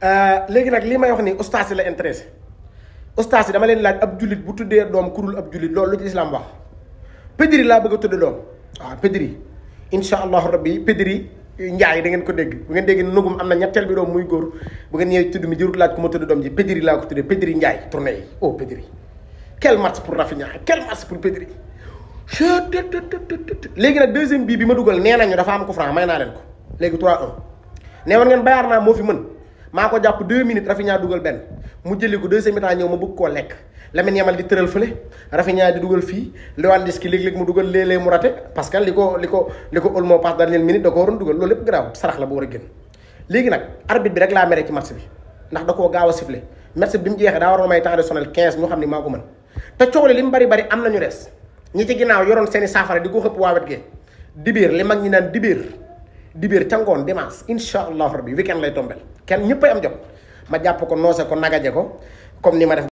Euh, léegi nag lii may wax nii ustaas la intéressé ustaas yi dama leen laaj ab jullit bu tuddee doom kurul ab jullit loolu lu ci islam wax pédri laa bëgg a tudd doom waaw ah, pédri incha allahu rabbi pédri njaay da ngeen ko dégg bu ngeen dégg nugum am na ñetteel bi doom muy góor bu ngeen ñëwee tudd mi jurut laaj ko ma tudd doom ji pédri laa ko tuddee pédri njaay tournée yi oh pédri quel match pour Rafinha quel match pour pédri léegi nag deuxième bii bi ma dugal nee nañu dafa am ko franc may naa ko léegi 3 1 nee woon ngeen bayaar naa moo fi mën maa ko jàpp deux minutes Rafinha dugal benn mu jëli ko deuxième mi-temps ñëw ma bëgg koo lekk Lamine Yamal di tëral fële Rafinha di dugal fii parce que li ko li ko li ko Olmo passe dernière minute da lépp garaaw sarax la bu a léegi nag arbitre bi rek laa mere ci match bi ndax da koo gaaw a sifflé match bi mu jeexee daa a may temps additionnel 15 ñu xam ni maa ko mën te coow li mu bari bari am nañu rees ñi ci ginnaaw yoroon seen i saafara di ko xëpp waawet gee dibir li mag ñi naan dibir dibéer cangoon ngoon dimanche incha allah rabbi weekend lay tombel kenn ñëpp am jot ma jàpp ko noose ko nagaje ko comme ni ma def